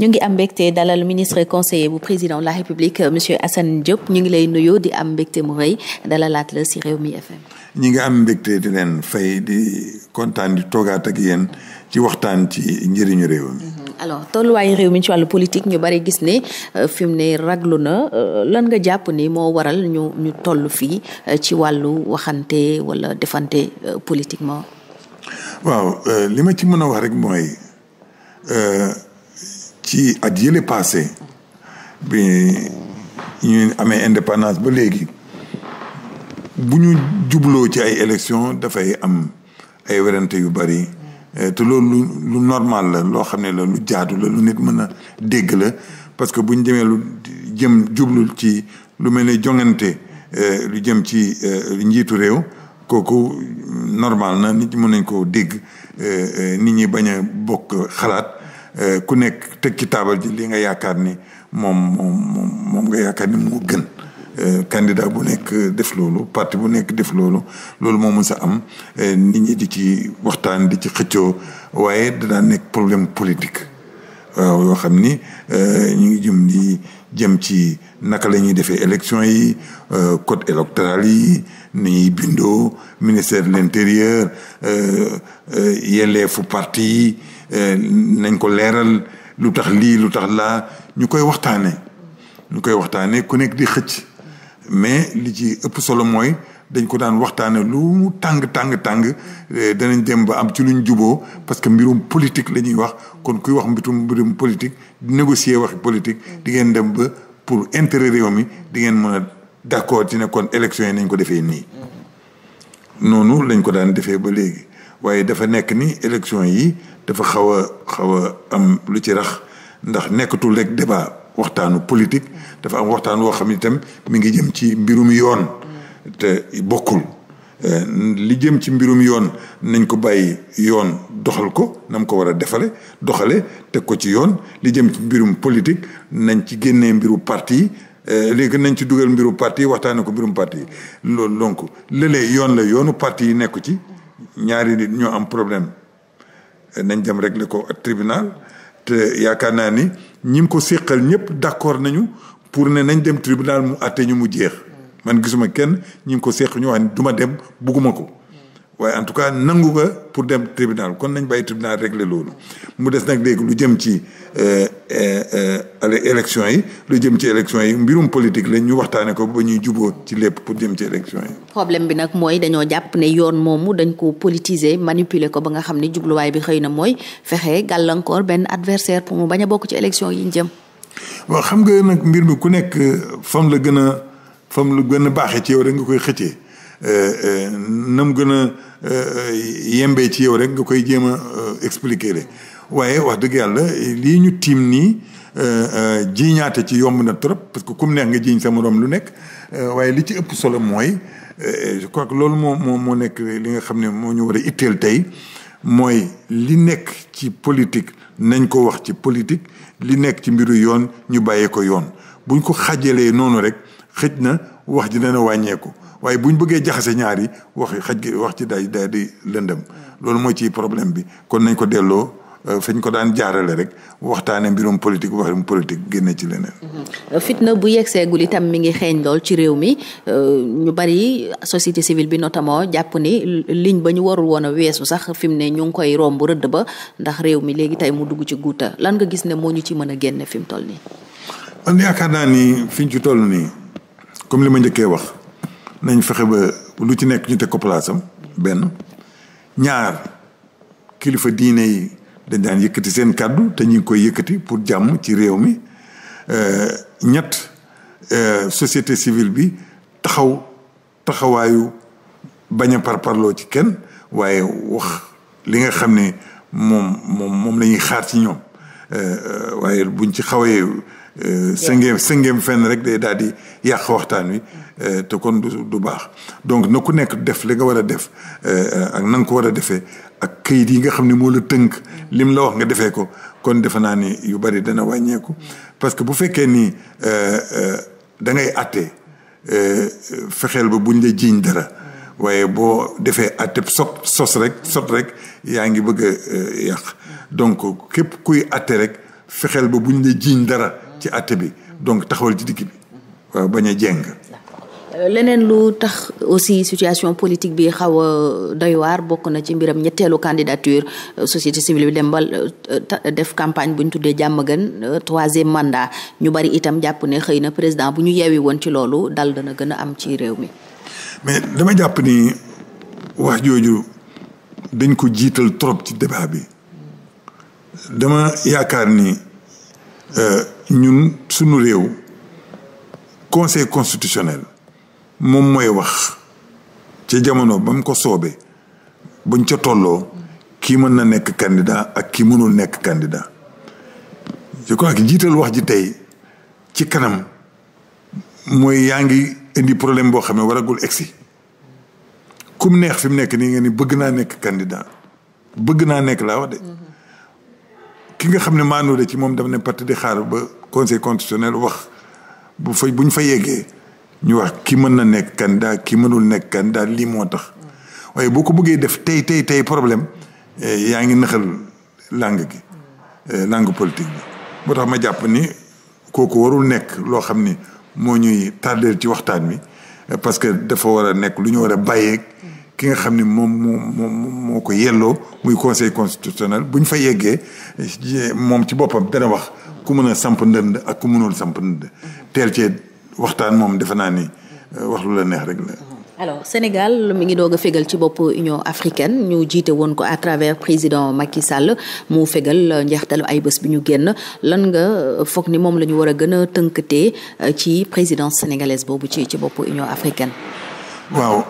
ñu ngi am mbégte dalal ministre conseiller bu président de la république monsieur Assane Diop ñu ngi lay nuyoo di am mbégte mu rëy dalalaat la si Rewmi FM. ñi ngi am mbégte di leen fay di kontaan di toogaat ak yéen ci waxtaan ci njëriñu réew mi. Mhm. alors tolluwaayu réew mi ci wàllu politique ñu bari gis ne euh, fi mu ne raglu na euh, lan nga jàpp ni moo waral ñu ñu toll fii euh, ci wàllu waxante wala defante politiquement. waaw li ci mën a wax rek mooy. ci at yële passé bi ñu amee indépendance ba léegi bu ñu jubloo ci ay élection dafay am ay werante yu bari eh, te loolu lu normal la loo xam ne la lu jaadu la lu nit mën a dégg la parce que bu ñu demee lu jëm jublu ci lu mel ne jongante eh, lu jëm ci eh, njiitu réew kooku normal na nit ñi mën nañ koo dégg nit ñi bañ a bokk xalaat Euh, ku nekk teg ci taabal ji lii nga yaakaar ni moom moom nga yaakaar ni moo gën euh, candidat bu nekk def loolu parti bu nekk def loolu loolu moo mën sa am euh, nit ñi di ci waxtaan di ci xëccoo waaye danaa nekk problème politique waaw xam ni ñu ngi jëm di jëm ci naka la ñuy defee élection yi code électoral yi ni ñuy bindoo ministère de l'intérieur yelleefu parti yi Eh, nañ ko leeral lu tax lii lu tax laa ñu koy waxtaanee ñu koy waxtaanee ku nekk di xëcc mais li ci ëpp solo mooy dañ ko daan waxtaanee lu mu tàng tàng tàng eh, danañ dem ba am ci luñ juboo parce que mbirum politique la ñuy wax kon kuy wax mbirum mbirum politique di négocier waxi politique di ngeen dem ba pour intérêt réew mi di ngeen mën a d'accord ci ne kon élection yi nañ ko defee nii. noonu lañ ko daan defee ba léegi waaye dafa nekk ni élection yi dafa xaw a xaw a am lu ci rax ndax nekkatul rek débat waxtaanu politique dafa am waxtaan woo xam ni tam mi ngi jëm ci mbirum yoon te bokkul eh, li jëm ci mbirum yoon nañ ko bàyyi yoon doxal ko na ko war a defale doxale teg ko ci yoon li jëm ci mbirum politique nañ ci génnee mbiru parti yi eh, léegi nañ ci dugal mbiru parti yi waxtaane ko mbirum parti yi loolu donc lëlee yoon la yoonu parti yi nekku ci ñaari nit ñoo am problème nañ dem régler ko tribunal te yaakaar naa ni ñi ko séqal ñëpp d'accord nañu pour ne nañ dem tribunal mu àtte ñu mu jeex man gisuma kenn ñi ngi ko séq ñu wax ni duma dem bugguma ko waaye en tout cas nangu nga pour dem tribunal kon nañ bàyyi tribunal régler loolu mu des nag léegi lu jëm ci euh, euh, euh, élection yi lu jëm ci élection yi mbirum politique lañ ñu waxtaane ko ba ñuy jubóo ci lépp pour jëm ci élection yi. problème bi nag mooy dañoo jàpp ne yoon moomu dañ ko politiser manipuler ko ba nga xam ne jubluwaay bi xëy na mooy fexe gàllankoor benn adversaire pour mu bañ a bokk ci élection yi ñu jëm. waaw xam nga nag mbir mi ku nekk euh, fam la gën a fam lu gën a baaxee ci yow rek nga koy xëccee euh, euh, nam gën a yembee ci yow rek nga koy jéem a expliquer le waaye wax dëgg yàlla lii ñu tiim nii. Euh, euh, jiiñaate ci yomb na trop parce que ku mu neex nga jiiñ sa morom lu nekk euh, waaye li ci ëpp solo mooy je crois que loolu moo moo moo nekk li nga xam ne moo ñu war a itteel tey mooy li nekk ci politique nañ ko wax ci politique li nekk ci mbiru yoon ñu bàyyee ko yoon buñ ko xajalee noonu rek xëj na wax ji dana wàññeeku waaye buñ bëggee jaxasee ñaar yi wax xaj gi wax ci day day di lëndam loolu mooy ci problème bi kon nañ ko delloo Euh, fi ñu ko daan jaarale rek waxtaanee mbirum politique waxum politique génne ci leneen. Mm-hmm. fitna bu yeggseegul itam mi ngi xeeñ lool ci réew mi euh, ñu bari société civile bi notamment jàpp ni ligne ba ñu warul woon a weesu sax fi mu ne ñu ngi koy romb rëdd ba ndax réew mi léegi tey mu dugg ci guuta lan nga gis ne moo ñu ci mën a génne fi mu toll nii. man yaakaar naa ni fi ci toll nii comme li ma njëkkee wax nañ fexe ba lu ci nekk ñu teg ko palaasam benn ñaar kilifa diine yi. dañ daan yëkkati seen kàddu te ñu koy yëkkati pour jàmm ci réew mi euh, ñett euh, société civile bi taxaw taxawaayu bañ a parparloo ci kenn waaye wax li nga xam ne moom moom moom la xaar ci ñoom euh, waaye buñ ci xawee sëngeem sëngeem fenn rek day daal di yàq waxtaan wi te kon du du baax donc na ku nekk def li nga war a def ak na nga ko war a defee ak kayit yi nga xam ni moo la tënk lim la wax nga defee ko kon defe naa ni yu bari dana wàññeeku parce que bu fekkee ni euh, euh, da ngay àtte euh, fexeel ba buñ la jiiñ dara waaye boo defee àtte sot sos rek sot rek yaa ngi bëgg a yàq donc képp kuy àtte rek fexeel ba buñ la jiiñ dara ci àtte bi donc taxawal ci digg bi waaw bañ a jeng leneen lu tax aussi situation politique bi xaw a doy waar bokk na ci mbiram ñetteelu candidature euh, société civile bi dem ba euh, def campagne buñ tuddee jàmm gën euh, troisième mandat ñu bari itam jàpp ne xëy na président bu ñu yeewi woon ci loolu dal dana gën a am ci réew mi. mais dama jàpp ni wax jooju dañ ko jiital trop ci débat bi dama yaakaar ni ñun sunu réew conseil constitutionnel. moom mooy wax ci jamono ba mu ko soobee buñ ca tolloo kii mën na nekk candidat ak kii mënul nekk candidat je crois que jiital wax ji tey ci kanam mooy yaa ngi indi problème boo xam ne waragul egsi kum neex fi mu nekk nii nga ni bëgg naa nekk candidat bëgg naa nekk laa wax de ki nga xam ne maanoo de ci moom daf ne parti di xaar ba conseil constitutionnel wax bu fay ñu fa yeggee ñu wax ki mën na nekk daal ki mënul nekk candidat lii moo tax waaye boo ko bëggee def tey tey tey problème eh, yaa ngi naxal langue gi eh, langue politique bi moo tax ma jàpp ni kooku warul nekk loo xam ni moo ñuy tardeel ci waxtaan wi eh, parce que dafa war a nekk lu ñu war a bàyyeeg ki nga xam ni moom moo ko yelloo muy conseil constitutionnel bu ñu fa yeggee moom ci boppam dana wax ku mën a samp ndënd ak ku mënul samp ndënd teel cee waxtaan moom defe naa ni euh, wax lu la neex rek la. alors Sénégal mi ngi doog a fégal ci bopp Union africaine ñu jiite woon ko à travers président Macky Sall mu fégal njeextalu ay bés bu ñu génn lan nga euh, foog ni moom lañu ñu war a gën a tënkatee euh, ci présidence sénégalaise boobu ci ci bopp Union africaine. waaw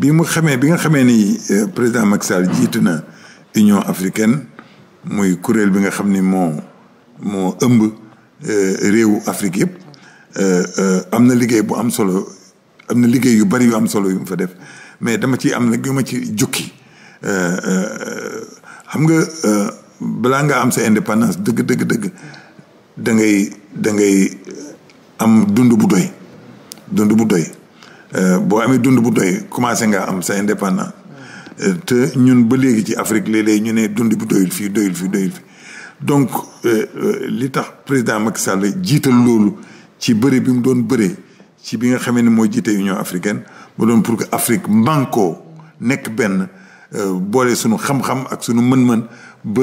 bi mu xamee bi nga xamee ni président Macky Sall jiitu na Union africaine muy kuréel bi nga xam ni moo moo ëmb réewu Afrique yëpp. Euh, euh, am na liggéey bu am solo am na liggéey yu bari yu am solo yu mu fa def mais dama ci am nag yu ci jukki euh, xam nga balaa nga am sa indépendance dëgg dëgg dëgg da ngay da ngay am dund bu doy dund bu doy boo amee dund bu doy commencé ngaa am sa indépendance te ñun ba léegi ci Afrique léeg-léeg ñu ne dund bu doyul fii doyul fii donc li tax président Macky Sall jiital loolu ci bëri bi mu doon bëri ci bi nga xamee ne mooy jiite Union africaine mu doon pour que Afrique mànkoo nekk benn euh, boole suñu xam-xam ak suñu mën-mën ba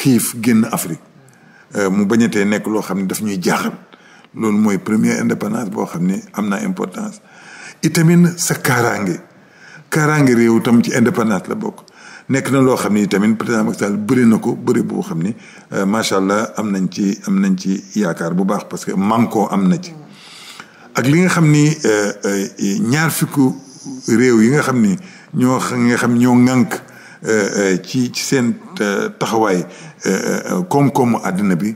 xiif génn Afrique euh, mu bañatee nekk loo xam ne daf ñuy jaaxal loolu mooy premier indépendance boo xam ne am na importance itamin sa kaaraange kaaraange réew tam ci indépendance la bokk nekk na loo xam ni tamit président Macky Sall bëri na ko bëri boo xam ni euh, macha allah am nañ ci am nañ ci yaakaar bu baax parce que manko am na ci. ak li nga xam ni euh, euh, ñaar fukku réew yi nga xam ni ñoo nga xam ñoo ŋànk ci ci seen taxawaay koom-koomu àddina bi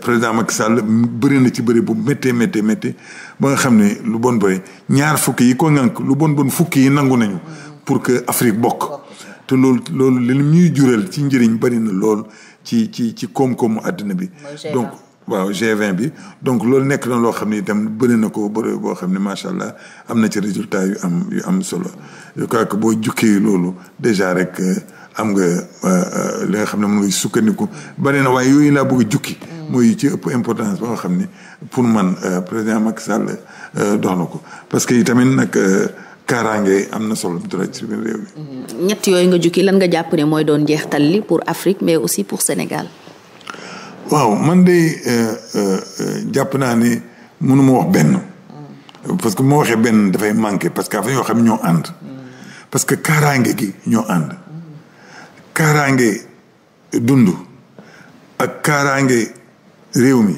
président Macky Sall bëri na ci bëri bu méttee méttee méttee ba nga xam ne lu bon bëri ñaar fukki yi ko ŋànk lu bon bon fukki yi nangu nañu pour que Afrique bokk. te loolu loolu li ñuy jural ci njëriñ bari na lool ci ci ci koom-koomu àddina bi donc waaw g bi donc loolu nekk na loo xam ne itam bëri na ko bëri boo xam ne macha allah am na ci résultat yu am yu am solo je crois que boo jukkee loolu déjà rek euh, am nga euh, euh, li nga xam ne mën nga sukkandiku bëri na waaye yooyu laa bëgg jukki mm. mooy ci ëpp importance ba nga xam ne pour man président Macky Sall dox na ko parce que itamit nag kaaraange am na solo dara ci biir ñett yooyu nga jukki lan nga jàpp ne mooy doon jeextal li pour Afrique mais aussi pour Sénégal. man de euh, euh, jàpp naa ne mënuma wax benn. parce que moo waxee benn dafay manqué parce que yoo xam ñoo ànd. parce que kaaraange gi ñoo ànd. kaaraange dund ak kaaraange réew mi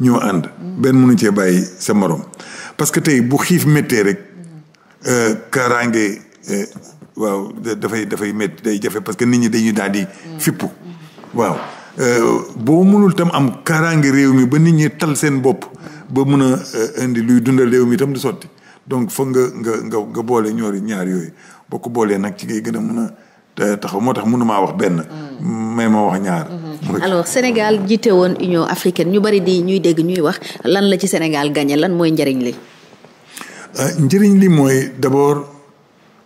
ñoo ànd. benn mënu cee bàyyi sa morom parce que tey bu xiif méttee rek. Euh, kaaraange euh, waaw dafay dafay metti day jafe parce que nit ñi dañuy daal di fippu waaw euh, boo mënul tam am kaaraange réew mi ba nit ñi tal seen bopp ba mun a indi luy dundal réew mi itam du sotti donc foog nga nga nga nga boole ñoori ñaar yooyu boo ko boolee nag ci ngay gën a mun a taxaw moo tax mënumaa wax benn mm. may ma wax ñaar mm-hmm. alors Sénégal jiite woon Union africaine ñu bari di ñuy dégg ñuy wax lan la ci Sénégal gagné lan mooy njariñ li Euh, njëriñ li mooy d'abord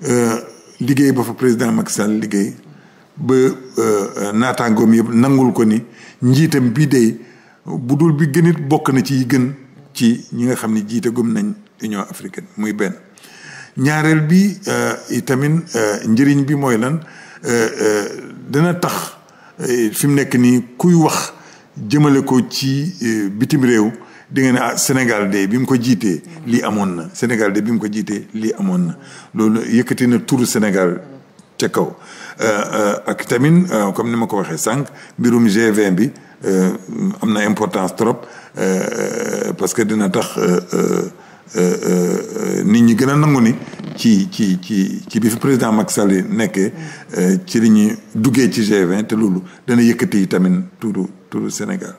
euh, liggéey ba fa président Macky Sall liggéey ba euh, naataangoom yëpp nangul ko ni njiitam bii day bu dul bi gënit bokk na ci yi gën ci ñi nga xam ne jiite gëm nañ Union africaine muy benn ñaareel bi itamit njëriñ bi mooy lan dina tax fi mu nekk nii kuy wax jëmale ko ci bitim réew di nga ah Sénégal de bi mu ko jiitee lii amoon na Sénégal de bi mu ko jiitee lii amoon na loolu yëkkati na turu Sénégal ca kaw euh, euh, ak tamit euh, comme ni ma ko waxee sànq mbirum gv bi am na importance trop parce que dina tax nit ñi gën a nangu ni ci ci ci ci bi fi président mac Sall nekkee ci li ñuy duggee ci G20 te loolu dana yëkkati tamit turu turu Sénégal.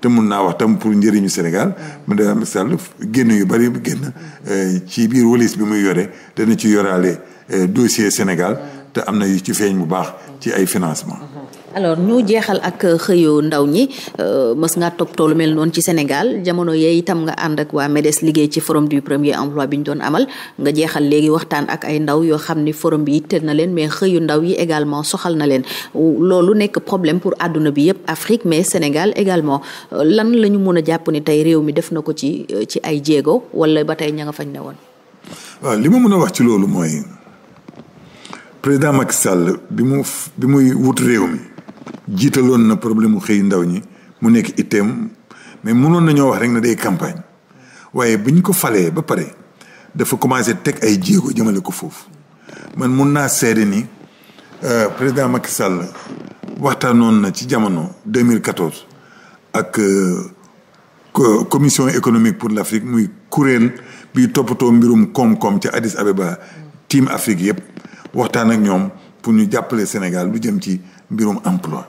te mun naa wax tam pour njëriñu Sénégal mu dana Macky Sall génn yu bari génn euh, ci biir walis bi muy yore dana ci yoraale euh, dossier Sénégal mm. te am na yu ci feeñ bu baax ci ay financement mm-hmm. alors ñu jeexal ak euh, xëyu ndaw ñi euh, mës nga topp toolu mel noonu ci Sénégal jamono yee itam nga ànd ak waa MEDES liggéey ci forum du premier emploi bi ñu doon amal nga jeexal léegi waxtaan ak ay ndaw yoo xam ni forum bi yitteel na leen mais xëyu ndaw yi également soxal na leen loolu nekk problème pour àdduna bi yëpp Afrique mais Sénégal également euh, lan la ñu mun a jàpp ni tey réew mi def na ko ci ci ay jéego wala ba tey ña nga fañ ne woon. waaw li ma mën a ci loolu mooy président Macky mu bi muy jiitaloon na problème mu xëy ndaw ñi mu nekk itteem mais mënoon nañoo wax rek na day campagne waaye bi ñu ko falee ba pare dafa commencé teg ay jéego jëmale ko foofu man mun naa seede ni euh, président Macky Sall waxtaanoon na ci jamono 2014 ak euh, commission économique pour l'Afrique muy kuréel bi toppatoo mbirum koom-koom ca Addis Abeba team Afrique yëpp waxtaan ak ñoom pour ñu jàppale Sénégal lu jëm ci mbirum emploi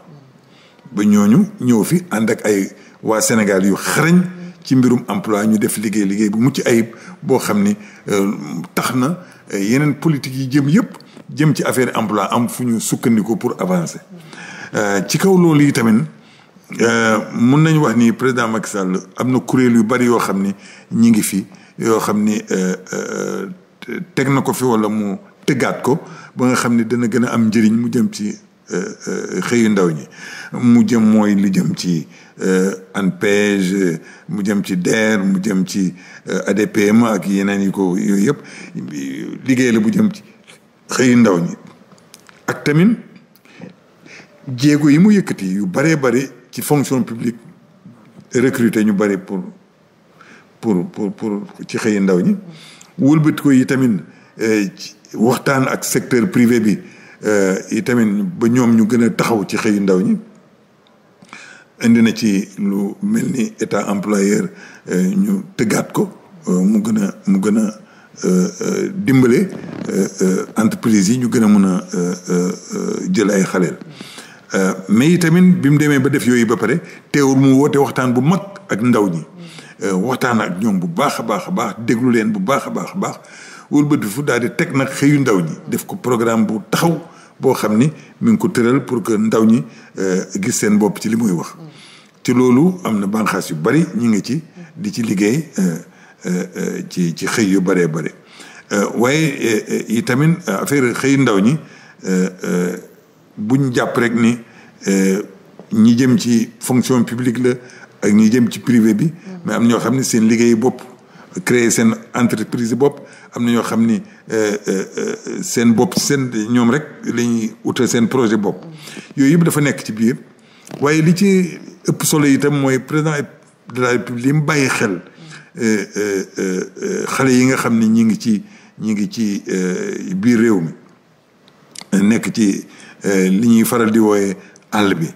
ba ñooñu ñëw fi ànd ak ay waa Sénégal yu xarañ ci mbirum emploi ñu def liggéey liggéey bu mucc ayib boo xam ni euh, tax na euh, yeneen politique yi jëm yëpp jëm ci affaire emploi am fu ñu sukkandiku pour avancer euh, ci kaw loolu yi tamit mun nañu wax ni président Macky am na kuréel yu bari yoo xam ni ñi ngi fi yoo xam ni teg na ko fi wala mu tëggaat ko ba nga xam ni dana gën a am njëriñ mu jëm ci Euh, euh, xëyu ndaw ñi mu jëm mooy lu jëm ci euh, ANPEJ mu jëm ci DER mu jëm ci ADPME ak yeneen yi ko yooyu yëpp liggéey la bu jëm ci xëyu ndaw ñi ak tamit jéego yi mu yëkkati yu baree bari ci fonction publique recruter ñu bari pour pour pour pour ci xëyu ndaw ñi wëlbati ko yi tamit waxtaan ak secteur privé bi Euh, itamit ba ñoom ñu gën a taxaw ci xëyu ndaw ñi indi na ci lu mel ni état employeur euh, ñu tëggaat ko euh, mu gën a mu gën a dimbale entreprise yi ñu gën a mën a jël ay xaleel mais itamit bi mu demee ba def yooyu ba pare teewul mu woote waxtaan bu mag ak ndaw ñi waxtaan ak ñoom bu baax a baax a baax déglu leen bu baax a baax a baax wëlbati fu daal di teg nag xëyu ndaw ñi def ko programme bu taxaw boo xam ni mu ngi ko tëral pour que ndaw ñi euh, gis seen bopp ci li muy wax ci loolu am na banqaas yu bari ñu ngi ci di ci liggéey euh, euh, ci ci xëy yu bëree bëri waaye yi tamit affaire xëy ndaw ñi buñ jàpp rek ni ñi jëm ci fonction publique la ak ñi jëm ci privé bi mais am ñoo xam ne seen liggéey bopp créer seen entreprise bopp am na ñoo xam ni euh, euh, euh, seen bopp seen ñoom rek la ñuy utal seen projet bopp yooyu yëpp dafa nekk ci biir waaye li ci ëpp solo itam mooy président de la république li mu bàyyi xel xale yi nga xam ni ñi ngi ci ñi ngi ci biir réew mi nekk ci li ñuy faral di wooye àll bi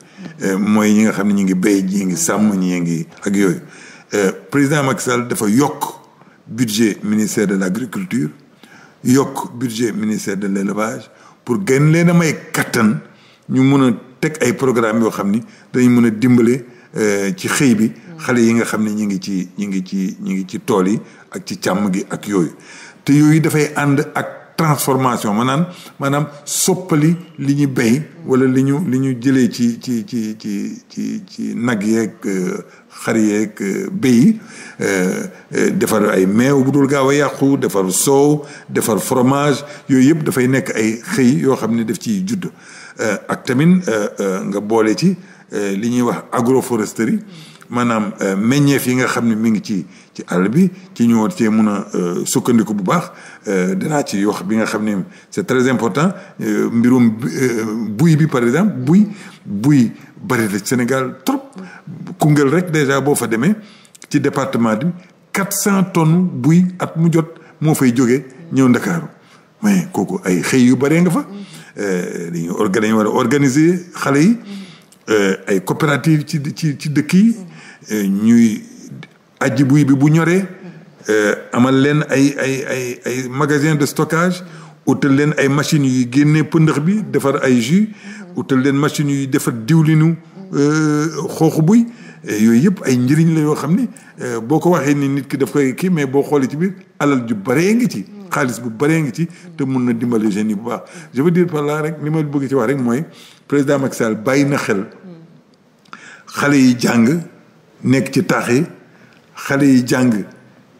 mooy ñi nga xam ne ñu ngi bay ñi ngi sàmm ñi ngi ak yooyu président Macky Sall dafa yokk budget ministère de l' agriculture yokk budget ministère de l' pour gën leen a may kattan ñu mun a teg ay programme yoo xam ni dañ mën a dimbale euh, ci xëy bi xale yi nga xam ne ñu ngi ci ñu ngi ci ñu ngi ci tool yi ak ci càmm gi ak yooyu te yooyu dafay ànd ak transformation maanaam maanaam soppali li ñu bay wala li ñu li ñu jëlee ci ci ci ci ci ci nag yeeg euh, xar yeeg euh, béy euh, defar ay meew bu dul gaaw a yàqu defar soow defar fromage yooyu yëpp dafay nekk ay xëy yoo xam ne daf ciy judd ak tamit nga boole ci li ñuy wax agroforesterie maanaam euh, meññeef yi nga xam ne mi ngi ci ci àll bi ci ñu war cee mun a euh, sukkandiku bu baax euh, danaa ci wax bi nga xam ne c'est très important mbirum buy bi par exemple buy buy bari na Sénégal trop Koungheul rek déjà boo fa demee ci département bi quatre cent tonnes buy at mu jot moo fay jóge ñëw Ndakaaru mais kooku ay xëy yu bëree nga fa mm. dañuy organiser war a organiser xale yi mm-hmm. Euh, ay coopérative ci ci ci dëkk yi euh, ñuy aji buy bi bu ñoree euh, amal leen ay ay ay ay magasin de stockage utal leen ay machines yuy génnee pëndëx bi defar ay jus utal leen machine yuy defar diwlinu xooxu buy yooyu yëpp ay njëriñ la yoo xam ne boo ko waxee ni nit ki daf koy kii mais boo xoolee ci biir alal ju baree ngi ci xaalis bu baree ngi ci te mun na dimbale jeunes yi bu baax je veux dire par rek li ma bëgg ci wax rek mooy président Macky Sall bàyyi na xel xale yi jàng nekk ci taax yi xale yi jàng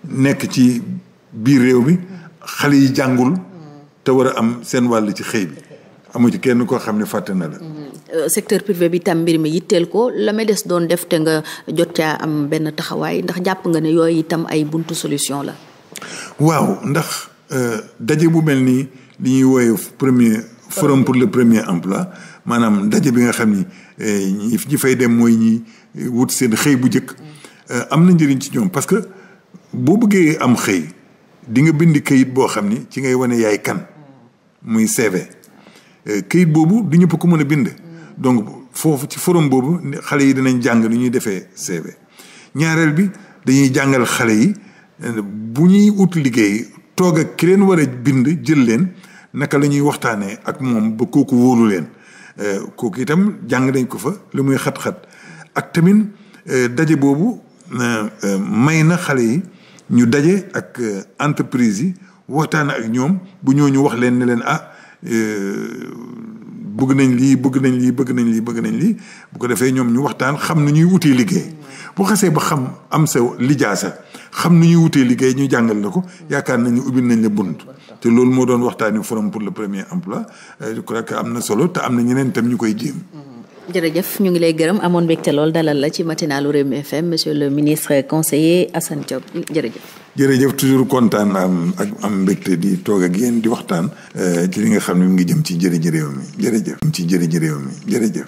nekk ci biir réew bi xale yi jàngul te war a am seen wàll ci xëy bi amu ci kenn koo xam ne fàtte na la. Euh, secteur privé bi tam mbir mi yitteel ko la des doon def te nga jot caa am benn taxawaay ndax jàpp nga ne yooyu itam ay buntu solution la. waaw ndax euh, daje bu mel nii li ñuy wooye premier forum pour le premier emploi maanaam ndaje bi nga xam ni eh, ñi fay dem mooy ñi wut seen xëy bu njëkk eh, am na njëriñ ci ñoom parce que boo bëggee am xëy di nga bind kayit boo xam ni ci ngay wane yaay kan muy CV eh, kayit boobu du ñëpp ko mën a bind donc foofu ci forom boobu xale yi dinañ jàng nu ñuy defee CV ñaareel bi dañuy jàngal xale yi bu ñuy ut liggéey toog ak ki leen war a bind jël leen naka la ñuy waxtaanee ak moom ba kooku wóolu leen Euh, kooku itam jàng nañ ko fa lu muy xat-xat ak tamit euh, daje boobu euh, may na xale yi ñu daje ak entreprise yi waxtaan ak ñoom bu ñu wax leen ne leen ah bëgg nañ lii bëgg nañ lii bëgg nañ lii bëgg nañ lii bu ko defee ñoom ñu waxtaan xam nu ñuy wutee liggéey bu xasee ba xam am sa lijaasa xam nu ñuy wutee liggéey ñu jàngal la ko yaakaar nañu ubbil nañ la bunt te loolu moo doon waxtaan yu forum pour le premier emploi euh, je que am na solo te am na ñeneen tam ñu koy jéem. jërëjëf ñu ngi lay gërëm amoon mbégte lool dalal la ci matinalu Rewmi FM monsieur le ministre conseiller Assane Diop jërëjëf toujours kontaan am ak am mbégte di toog a yéen di waxtaan. Eh, ci li nga xam ni mu ngi jëm ci jëriñu réew mi jërëjëf. ci jëriñu réew mi jërëjëf.